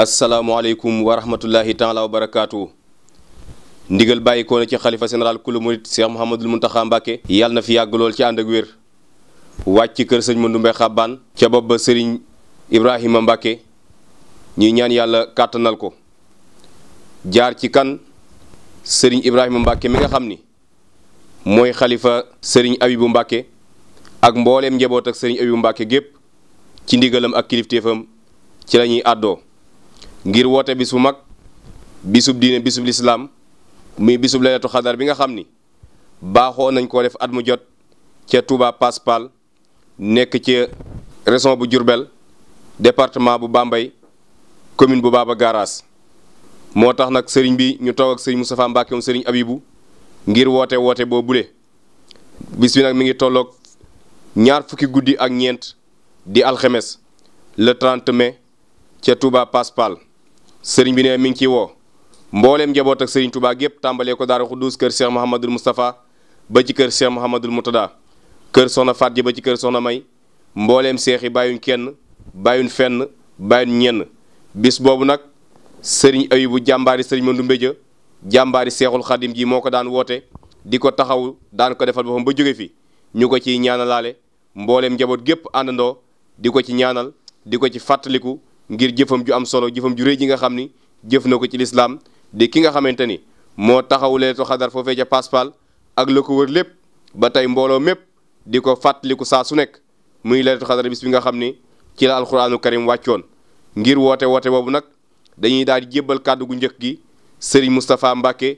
asalaamualeykum wa rahmatullahi taala wa barakaatu ndigal bàyyi ko ci xalifa général kulu murit Cheikh Mouhamadul Mountakha Mbacké yàlla na fi yàgg lool ci ànd ak wér wàcc kër sëñ Mandoumbe Xabbaan ca bopp ba sëriñ Ibrahima Mbacké ñuy ñaan yàlla kàttanal ko jaar ci kan sëriñ Ibrahima Mbacké mi nga xam ni mooy xalifa sëriñ Abibu Mbacké ak mbooleem njaboot ak sëriñ Abibu Mbacké gépp ci ndigalam ak kilifteefam ci lañuy ñuy àddoo ngir woote bis bu mag bisub diine bisub lislaam muy bisub laylatu xadar bi nga xam ni baaxoo nañ koo def at mu jot ca Touba Paspal nekk ca région bu jurbel département bu Bambey commune bu Baba garaas moo tax nag sëriñ bi ñu toog ak sëriñ Moustapha Mbacke moom sëriñ Abibu ngir woote woote boo bule bis bi nag mi ngi tolloog ñaar fukki guddi ak ñeent di alxemes le 30 mais ca Touba Paspal sëriñ bi ne mi ngi ciy woo mbooleem njaboot ak sëriñ Touba gépp tàmbalee ko Daaru Xuddus kër Cheikh Mouhamadul Moustapha ba ci kër Cheikh Mouhamadul Moutada kër Soxna Faat ji ba ci kër Soxna May mbooleem seex yi bàyyuñ kenn bàyyuñ fenn bàyyuñ ñenn bis boobu nag sëriñ Ayibu jàmbaari sëriñ Mandu Mbéja jàmbaari seexul xadim ji moo ko daan woote di ko taxaw daan ko defal boppam ba jóge fi ñu ko ciy ñaanalaale mbooleem njaboot gépp àndandoo di ko ci ñaanal di ko ci fàttaliku ngir jëfam ju am solo jëfam ju rëy ji nga xam ni jëf na ko ci lislaam di ki nga xamante ni moo taxaw leetu xadar foofee ca paspal ak la ko wër lépp ba tey mbooloo mépp di ko fàttaliku saa su nekk muy leetu xadar bis bi nga xam ni ci la alquraanu karim wàccoon ngir woote woote boobu nag dañuy daal di jébbal kàddu gu njëkk gi sëriñ Moustapha Mbacke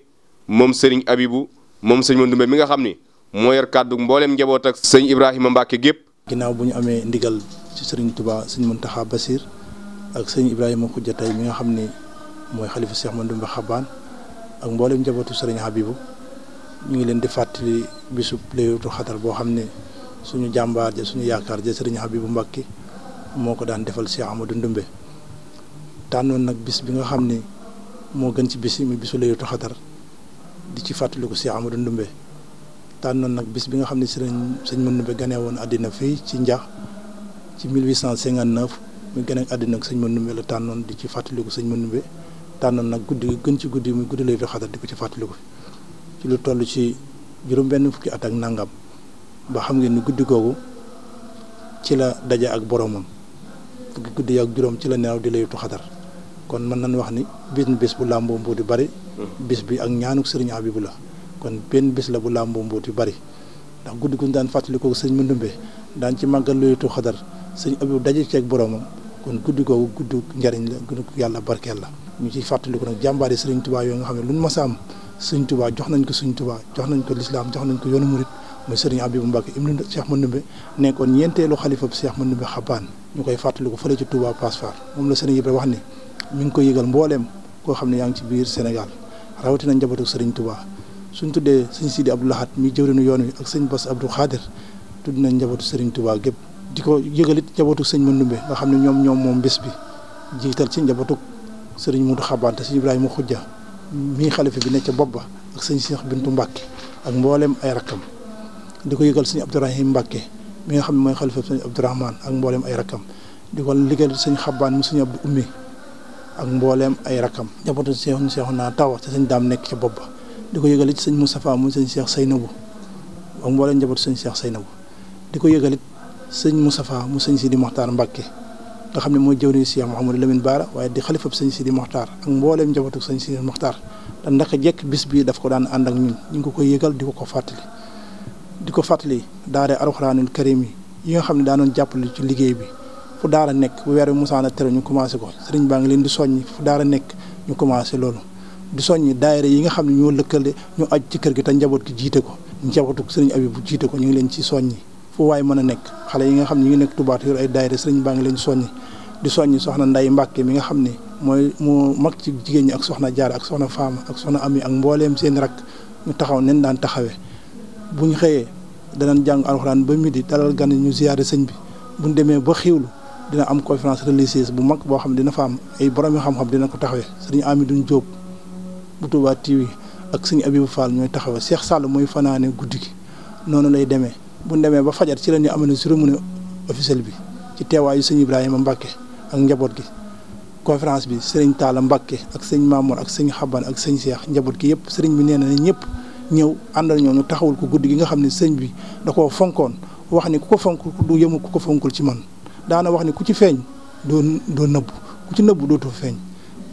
moom sëriñ Abibu moom sëriñ Mandumbe mi nga xam ni moo yor kàddu mbooleem njaboot ak sëriñ Ibrahima Mbacke gépp ginnaaw bu ñu amee ndigal ci sëriñ Touba sëriñ Mountakha Basir ak sëñ Ibrahima Khoudia tey mi nga xam ni mooy xalifa Cheikh Mandoumbe xaban ak mboolem njabootu sëriñ Habibou ñu ngi leen di fàttali bisub Laylatul Qadr boo xam ne suñu jàmbaar ja suñu yaakaar ja sëriñ Habibou Mbacke moo ko daan defal Cheikh Amadou Ndoumbé tànnoon nag bis bi nga xam ni moo gën ci bis yi bisu Laylatul Qadr di ci fàttaliku Cheikh Amadou Ndoumbé tànnoon nag bis bi nga xam ne sëriñ sëñ Mandoumbe ganee woon àddina fii ci Njax ci 1859. mu ngi gën a àddina ak sëñ la tànnoon di ci fàttaliku sëñ Mandumbe tànnoon nag guddi gën ci guddi muy guddi lay fi xadar di ko ci fàttaliku ci lu toll ci juróom benn fukki at ak nangam ba xam ngeen ni guddi kooku ci la daje ak boromam fukki guddi ak juróom ci la neew di layutu xadar kon mën nañ wax ni bis na bis bu làmboo mbuut yu bari bis bi ak ñaanuk sëriñ Abibu la kon benn bis la bu làmboo mbuut yu bari ndax guddi gu ñu daan fàttaliku sëñ Mandumbe daan ci màggal layutu xadar sëñ Abibu daje ceeg boromam kon guddi googu guddi njariñ la guddi yàlla barkeel la ñu ciy fàttaliku nag jàmbaari sëriñ tubaa yooyu nga xam ne lu ñu mas a am sëriñ tubaa jox nañ ko sëriñ tubaa jox nañ ko lislaam jox nañ ko yoonu murit mu sëriñ Abibu Mbàkke ibnu Cheikh Mandumbe nekkoon ñeenteelu xalifa bu Cheikh Mandumbe xabaan ñu koy fàttaliku fële ci Touba Pasfar moom la sëriñ Ibra wax ni mu ngi ko yëgal mbooleem koo xam ne yaa ngi ci biir Sénégal rawatina njabootu sëriñ tubaa suñ tuddee sëñ Sidi Abdou Lahad mi jëwrinu yoon wi ak sëñ Bass Abdou Khadir tudd nañ njabootu sëriñ tubaa gépp di ko yëgalit njabootu sëñ Mandoumbe nga xam ne ñoom ñoom moom bis bi jiital ci njabootu sëriñ Mudu Xabante sëñ Ibrahima Xujja mii xalifa bi ne ca bopp ba ak sëñ seex Bintu Mbàkke ak mbooleem ay rakkam di ko yëgal sëñ Abdourahim Mbàkke mi nga xam ne mooy xalifa sëñ Abdourahman ak ay rakkam di ko liggéeyal sëñ Xabaan mu sëñ Abdu ak mbooleem ay rakkam njabootu sëñ Cheikh naa tawa te sëñ daam nekk ca bopp ba di ko yëgalit sëñ Moustapha mu sëñ say Saynabu ak mbooleem sañ sëñ Cheikh Saynabu di ko yëgalit sëñ Moustapha mu sëñ Sidi Mokhtar Mbacke nga xam ne mooy jëwriñ Cheikh Mouhamadou Lamine Bara waaye di xalifab sëñ Sidi Mokhtar ak mbooleem njabootu sëñ Sidi Mokhtar te ndaka jekk bis bii daf ko daan ànd ak ñun ñu ngi ko koy yëgal di ko ko fàttali di ko fàttali daara Alxuraanul Karim yi yi nga xam ne daanoon jàppale ci liggéey bi fu daara nekk bu weer bi musaana tere ñu commencé ko sëriñ baa ngi leen di soññ fu daara nekk ñu commencé loolu di soññ daayira yi nga xam ne ñoo lëkkale ci kër gi te njaboot gi jiite ko njabootu sëriñ abi bu jiite ko ñu ngi leen ci soññi fu waay mën a nekk xale yi nga xam ne ñu ngi nekk Touba te ay daayira sëriñ baa ngi leen soññi di soññi soxna Nday Mbàkke mi nga xam ne mooy mu mag ci jigéen ñi ak soxna jaar ak soxna Faama ak soxna Ami ak mbooleem seen rak ñu taxaw nen daan taxawee bu ñu xëyee danañ jàng alxuraan ba midi dalal gan ñu ziyaare sëñ bi bu ñu demee ba xiwlu dina am conférence religieuse bu mag boo xam ne dina fa am ay borom xam-xam dina ko taxawee sëriñ Amidou Diop bu Touba TV ak sëñ Abibou Fall ñooy taxawee Cheikh Sall mooy fanaane guddi gi noonu lay demee bu ñu demee ba fajar ci la ñu amal cérémonie officielle bi ci teewaayu sëñ Ibrahima Mbacke ak njaboot gi conférence bi sëriñ Talla Mbacke ak sëñ Mamour ak sëñ Xaban ak sëñ Cheikh njaboot gi yëpp sëriñ bi nee na ñëpp ñëw àndal ñoo ñu taxawul ko guddi gi nga xam ne sëñ bi da koo fonkoon wax ni ku ko fonk du ko fonkul ci man daana wax ni ku ci feeñ doo doo nëbb ku ci nëbb dootoo feeñ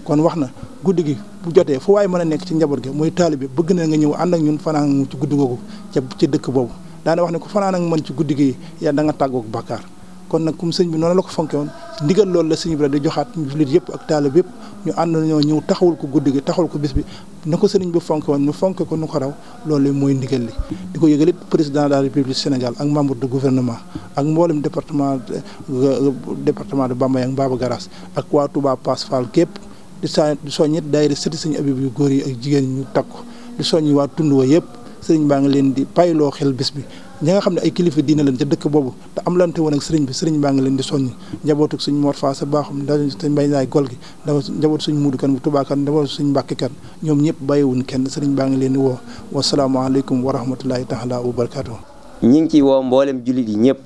kon wax na guddi gi bu jotee fu waaye a nekk ci njaboot gi muy taalibe bëgg na nga ñëw ànd ak ñun fanaan ci guddi googu ca ci dëkk boobu daana wax ne ko fanaan ak man ci guddi gi yaa da nga tàggoog bàkkaar kon nag comme sëñ bi noonu la ko fonke woon ndigal loolu la sëñ bi di joxaat jullit yëpp ak taalib yëpp ñu ànd ñoo ñëw taxawul ko guddi gi taxawul ko bis bi na ko sëriñ bi fonke woon ñu fonke ko nu ko raw loolu mooy ndigal li di ko yëgalit président de la république Sénégal ak membre du gouvernement ak mboolem département euh, département de Bambey ak Mbaba Garaas ak waa Touba Pass Fall képp di saa di soññit daayira sëti sëñ Abib yu góor yi ak jigéen ñu takku di soññi waa tund wa yëpp sëriñ baa ngi leen di bàyyiloo xel bis bi ñi nga xam ne ay kilifa diina leen ca dëkk boobu te am lante woon ak sëriñ bi sëriñ baa ngi leen di soññ njabootuk suñ Mor Faasa baaxum da suñ mbay naay gol gi da njabootu suñ muudu kan bu tubaakan njabootu suñ mbàkki kan ñoom ñëpp bàyyiwuñ kenn sëriñ baa ngi leen di woo wasalaamaaleykum wa rahmatulahi taala wa barakaatu ñi ngi ciy woo mboolem jullit yi ñëpp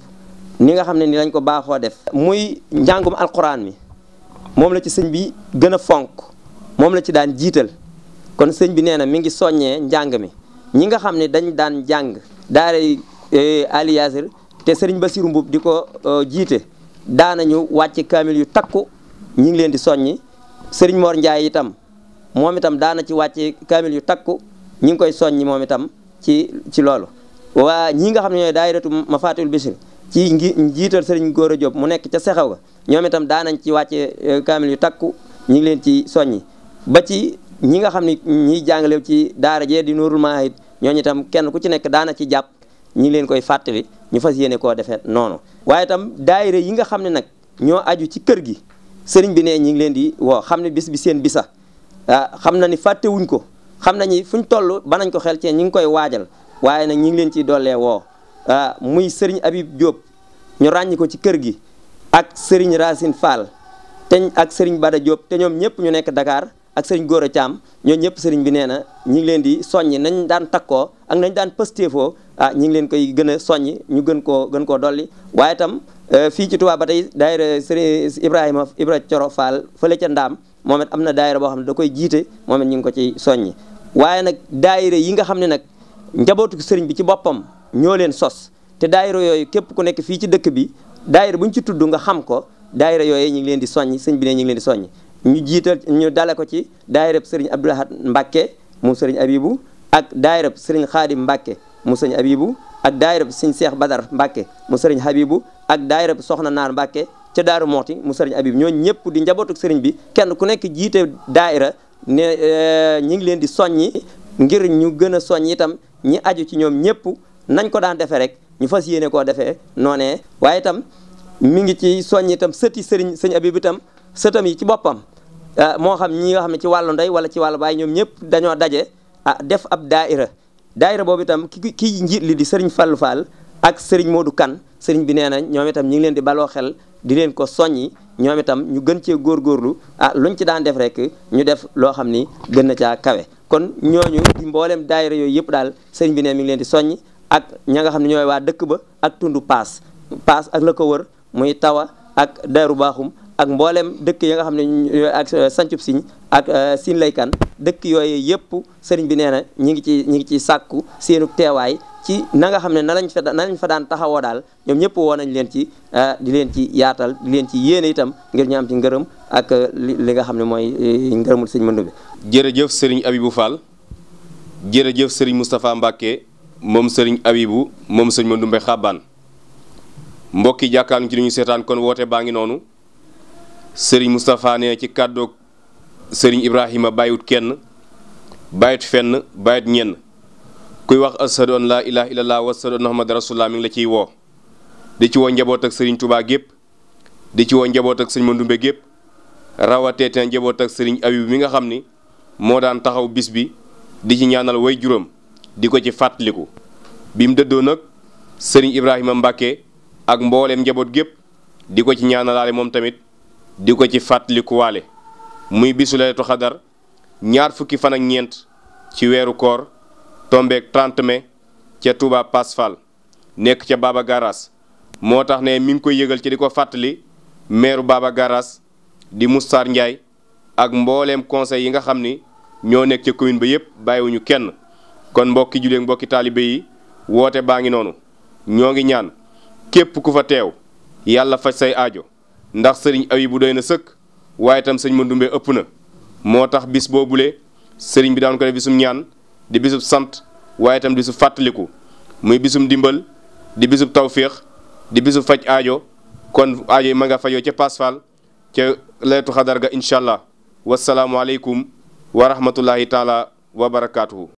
ni nga xam ne ni lañ ko baaxoo def muy njàngum alquran mi moom la ci sëñ bi gën a fonk moom la ci daan jiital kon sëñ bi nee na mi ngi soññee njàng mi ñi nga xam ne dañ daan jàng daaray eh, Ali te te ba Bassirou Mbuub di ko eh, jiite daanañu wàcc kaamil yu takku ñi ngi leen di soññi Serigne Mor Ndiaye itam moom itam daana ci wàcc kaamil yu takku ñi ngi koy soññi moom itam ci ci loolu waa ñi nga xam ne ñooy daayiratu Mafatihul Bichri ci ngi njiital Serigne Gora Diop mu nekk ca sexaw ga ñoom itam daanañ ci wàcce eh, kaamil yu takku ñi ngi leen ci soññi ba ci ñi nga xam ne ñiy jàngale ci daara jee di Nuurul Maahid ñooñu itam kenn ku ci nekk daana ci jàpp ñi ngi leen koy fàttali ñu fas yéene koo defee noonu waaye tam daayira yi nga xam ne nag ñoo aju ci kër gi sëriñ bi ne ñi ngi leen di woo xam ne bis bi seen bisa ah xam na ni fàttewuñ ko xam nañu fuñ toll nañ ko xel ci ñu ngi koy waajal waaye nag ñi ngi leen ciy dollee woo ah muy sëriñ Habib jóob ñu ràññi ko ci kër gi ak sëriñ rasin Fall te ak sëriñ Bada Diop te ñoom ñëpp ñu nekk Dakar ak sëriñ Gora Thiam ñoo ñëpp sëriñ bi nee na ñi ngi leen di soññ nañ daan takkoo ak nañ daan pëstéefoo ah ñi ngi leen koy gën a soññ ñu gën koo gën koo dolli waaye itam euh, fii ci Touba ba tey daayira sëriñ Ibrahima Ibra Coro Fall fële ca Ndaam moom it am na daayira boo xam ne da koy jiite moom it ñu ngi ko ciy soññi waaye nag daayira yi nga xam ne nag njabootu sëriñ bi ci boppam ñoo leen sos te daayira yooyu képp ku nekk fii ci dëkk bi daayira bu ñu ci tudd nga xam ko daayira yooyu ñu ngi leen di soññ sëñ bi ne ñu ngi di soññ ñu jiital ñu dale ko ci daayirab sëriñ Abdou Lahad Mbacke mu sëriñ Abibu ak daayirab sëriñ Xaadim Mbacke mu sëriñ Abibu ak daayirab sëriñ Seex Badar Mbacke mu sëriñ Habibu ak daayirab Soxna Naar Mbacke ca Daaru Moxti mu sëriñ Abibu ñoo ñëpp di njabootuk sëriñ bi kenn ku nekk jiite daayira ne euh, ñi ngi leen di soññi ngir ñu gën a soññ itam ñi aju ci ñoom ñëpp nañ ko daan defee rek ñu fas yéene koo defee noone waaye itam mi ngi ci soññ itam sëti sëriñ sëñ Abibu tam sëtam yi ci boppam Euh, moo xam ñi nga xam ne ci wàllu ndey wala ci wàllu baay ñoom ñëpp dañoo daje ah def ab daaira daaira boobu itam ki ki njiit li di sëriñ Fallou Fall ak sëriñ Modou kan sëriñ bi nee na ñoom itam ñu ngi leen di baloo xel di leen ko soññi ñoom itam ñu gën cee góorgóorlu ah luñ ci daan def rek ñu def loo xam ni gën na caa kawe kon ñooñu di mbooleem daayira yooyu yëpp daal sëriñ bi nee mi ngi leen di soññ ak ña nga xam ne ñooy waa dëkk ba ak tundu paas paas ak la ko wër muy tawa ak daaru baaxum ak mboolem dëkk yi nga xam ne euh, ak euh, sancub siñ ak euh, siin laykan dëkk yooyu yëpp sëriñ bi nee na ñi ngi ci ñi ngi ci sàkku seenu teewaay ci na nga xam ne na lañ fa na lañ daan taxawoo daal ñoom ñëpp woo nañ leen ci di leen ci yaatal di leen ci yéene itam ngir ñu am ci ngërëm ak li nga xam ne mooy ngërëmul sëñ Mandumbe jërëjëf sëriñ Abibou Fall jërëjëf sëriñ Moustapha Mbacke moom sëriñ Abibou moom sëñ Mandumbe Xabaan mbokki jàkkaarlu ci li ñu seetaan kon woote baa ngi noonu sëriñ Moustapha nee ci kàddoog sëriñ Ibrahima bàyyiwut kenn bàyyiwut fenn bàyyiwut ñenn kuy wax ashadu an laa ilaha illallah wa ashadu anna muhammadan rasulullah mi ngi la ciy woo di ci woo njaboot ak sëriñ Touba gépp di ci woo njaboot ak sëriñ Mandumbe gépp rawatee te njaboot ak sëriñ Abibu mi nga xam ni moo daan taxaw bis bi di ci ñaanal way juróom di ko ci fàttaliku bi mu dëddoo nag sëriñ Ibrahima Mbàkke ak mbooleem njaboot gépp di ko ci ñaanalaale moom tamit di ko ci fàttalikuwaale muy bisu laylatul xadar ñaar fukki fan ak ñeent ci weeru koor tombeek 30 mai ca Touba Pass nekk ca Baba Garage moo tax ne mi ngi koy yëgal ci di ko fàttali meeru Baba Garage di Moustar Ndiaye ak mboolem conseil yi nga xam ni ñoo nekk ca commune ba yépp bàyyiwuñu kenn kon mbokki jullit mbokki taalibe yi woote baa ngi noonu ñoo ngi ñaan képp ku fa teew yàlla faj say aajo ndax sëriñ Abibu doy na sëkk waaye itam sëñ Mandoumbe ëpp na moo tax bis boobule sëriñ bi daan ko def bisum ñaan di bisub sant waaye itam di bisub fàttaliku muy bisum dimbal di bisub tawféex di bisub faj aajo kon aajo yi ma nga ca pasfal ca laytu xadar ga incha allah wasalaamualeykum wa rahmatullahi taala wa barakaatuhu